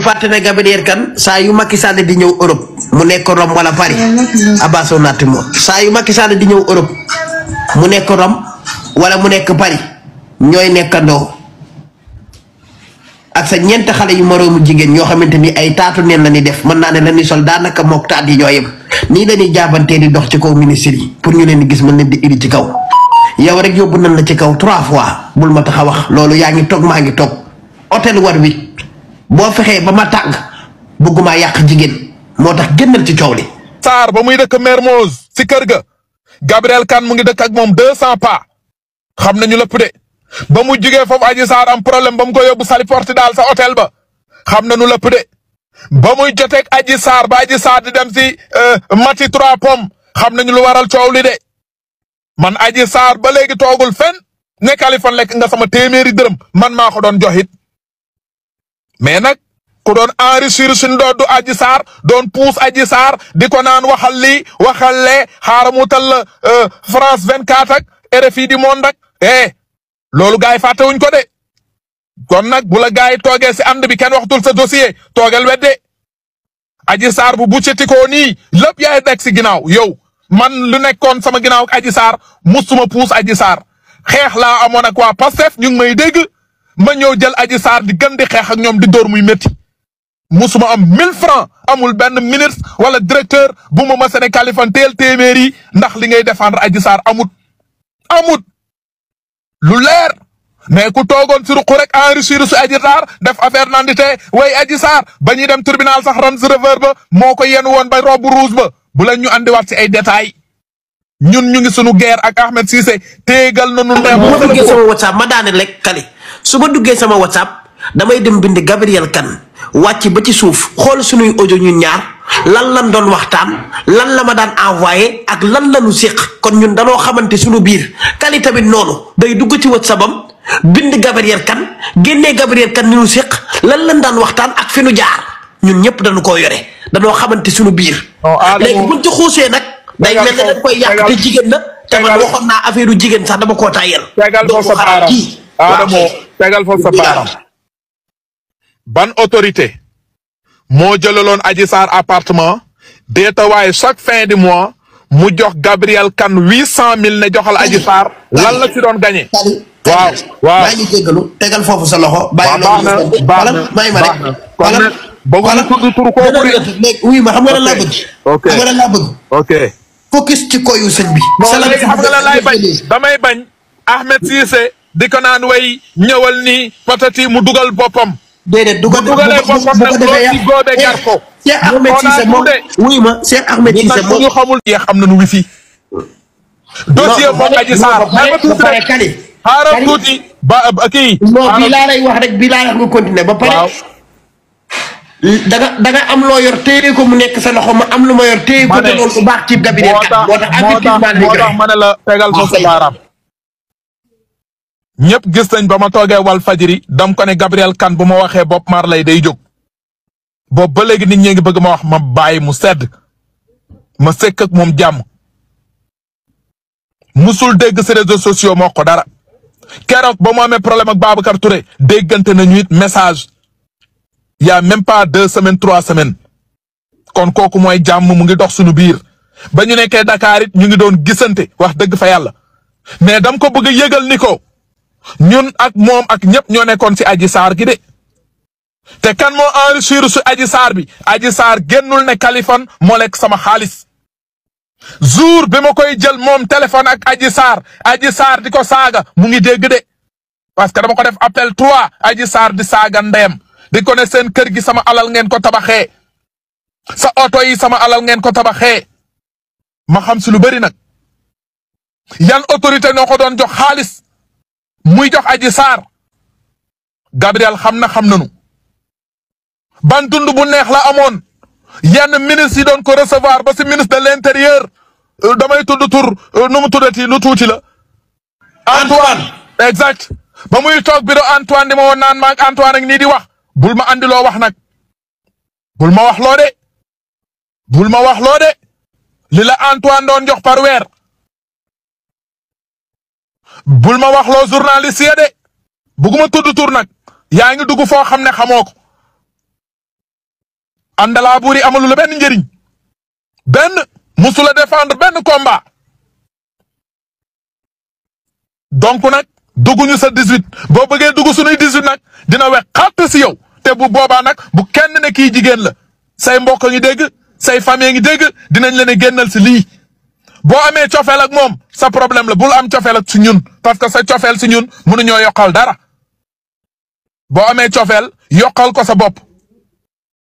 bul fàtte ne Gabriel Kane saa yu Macky Sall di ñëw Europe mu nekk Rome wala Paris Abass Onatimo saa yu Macky Sall di ñëw Europe mu nekk Rome wala mu nekk Paris ñooy nekkandoo ak sa ñeent xale yu moroomu jigéen ñoo xamante ni ay taatu neen la ñuy def mën naa ne la ñuy sol daanaka mook taat yi ñoo yem nii la ñuy jaabantee ni dox ci kaw ministre yi pour ñu leen di gis mën leen di indi ci kaw yow rek yóbbu nañ la ci kaw trois fois bul ma tax wax loolu yaa ngi toog maa ngi toog hôtel war wi boo fexee ba ma tàng bëgguma yàq jigéen moo tax génnal ci coow li. Sarr ba muy dëkk Mermoz si kër ga Gabriel Kane mu ngi dëkk ak moom deux cent pas xam nañu lépp de ba mu jugee foofu Adji Sarr am problème ba mu ko yóbbu Saly daal sa hôtel ba xam na nañu lépp de ba muy joteeg Adji Sarr ba Adji Sarr di dem si euh, Mati trois pomme xam nañu lu waral coow li de man Adji Sarr ba léegi toogul fenn ne Kaliphone lekk nga sama téeméeri dërëm man maa ko doon jox it mais nag ku doon enrichir suñ doodu aji saar doon puus aji saar di ko naan waxal lii waxal lee xaaral mu tal euh, France 24 ak RFI di monde ak eh loolu gars yi fàttewuñ ko de kon nag bu la gars yi toogee si ànd bi kenn waxtul sa dossier toogel de aji saar bu bucceti ko nii lépp yaay nekk si ginaaw yow man lu nekkoon sama ginnaaw ak aji saar musuma puus aji saar xeex laa amoon ak waa Pastef ñu ngi may dégg ma ñëw jël aji saar di gën di xeex ak ñoom di dóor muy métti musuma am mille francs amul benn ministre wala directeur bu ma ma Sénégal fan teel téeméer ndax li ngay défendre aji saar amut amut lu leer mais ku toogoon si ruq rek enrichir aji saar def affaire nandité way aji saar ba ñuy dem tribunal sax Range Rover ba moo ko yenn woon ba robe rouge ba bu leen ñu andiwaat si ay détails ñun ñu ngi sunu guerre ak Ahmed Cissé téegal na nu. ne ma ma sama WhatsApp ma daane rek kali su ma duggee sama whatsapp damay dem bind Gabrielle kan wàcc ba ci suuf xool suñuy audio ñun ñaar lan lan doon waxtaan lan la ma daan envoyé ak lan la ñu kon ñun danoo xamante suñu biir kali tamit noonu day dugg ci whatsapp am bind Gabrielle Kane génnee Gabrielle Kane séq lan lan daan waxtaan ak fi nu jaar ñun ñëpp dañu koo yore danoo xamante suñu biir. léegi buñ ci xuusee nag. day mel ne koy yàq te jigéen la. te man waxoon naa affaire jigéen sax dama koo tàyyal. doomu xaram kii tegal foofu sa baaraam ban autorité moo jëlaloon Adji Sarr appartement deetawaaye chaque fin du mois mu jox Gabriel Kane huit cent mille ne joxal Adji Sarr lan la ci doon gagné. waaw waaw maa ngi jégalu tegal foofu sa loxo. ba loolu baax na baax na baax ok xam ci koyu sëñ bi. salaam xam bañ damay bañ Ahmed Cissé. di ko naan way ñëwal ni patati mu dugal boppam. déedéet dugal bu ko defee bu ko defee yàq ko. Eh, Cheikh Ahmed Cissé moom wuy ma Cheikh Ahmed Cissé moom ñu xamul yéen xam nañu wifi. dossier moom aji saar xaaral tuuti rek xaaral tuuti ba kii. non bi laa lay wax rek bi laa lay wax nga continuer ba pare. da nga da nga am loo yor téye ko mu nekk sa loxo ma am lu ma yor téye ko te loolu bu baax ci cabinet kat moo tax moo tax ma ne la tegal foofu baaraam ñëpp gis nañ ba ma toogee wal fajiri dam ko ne Gabriel Kane bu ma waxee bopp maar Marley day jóg boobu ba léegi nit ñi ngi bëgg ma wax ma bàyyi mu sedd ma sekk ak moom jàmm musul dégg si réseaux sociaux moo ko dara keroog ba mu amee problème ak Babacar Touré déggante nañu it message yaa a même pas deux semaines trois semaines kon kooku mooy jàmm mu ngi dox suñu biir ba ñu nekkee Dakar ñu ngi doon gisante wax dëgg fa yàlla mais dam ko bëgg yëgal ni ko ñun ak moom ak ñépp ñoo nekkoon si aji saar gi de te kan moo enrichir su aji saar bi aji saar génnul ne Kaliphone moo lekk sama xaalis jour bi ma koy jël moom téléphone ak aji saar aji saar di ko saaga mu ngi dégg de parce que dama ko def appel 3 aji saar di saaga ndeyam di ko ne seen kër gi sama alal ngeen ko tabaxee sa oto yi sama alal ngeen ko tabaxee ma xam si lu bari nag yan autorité ñoo ko doon jox xaalis. muy jox aji saar Gabriel xam na xam nañu ban dund bu neex la amoon yenn ministre yi doon ko recevoir ba si ministre de l' intérieur euh, damay tudd tur euh, nu mu tuddati lu tuuti la. Antoine exact ba muy toog bureau Antoine di ma woon naan maa Antoine nii di wax bul ma andi loo wax nag bul ma wax loo de bul ma wax loo de li la Antoine doon jox parweer bul ma waxloo loo journaliste ya de bugguma tudd tur nag yaa ngi dugg foo xam ne xamoo ko àndalaa buur yi amalu la benn njariñ benn musu la benn komba donc nag dugguñu sa 18 boo bëggee dugg suñuy 18 nag dina wex xatt si yow te bu boobaa nag bu kenn ne kii jigéen la say mbokk ngi dégg say famille ngi dégg dinañ leen a génnal si lii. boo amee cofeel ak moom sa problème la bul am cofeel ak ñun parce que sa cofeel si ñun mënuñoo yokkal dara boo amee cofeel yokkal ko sa bopp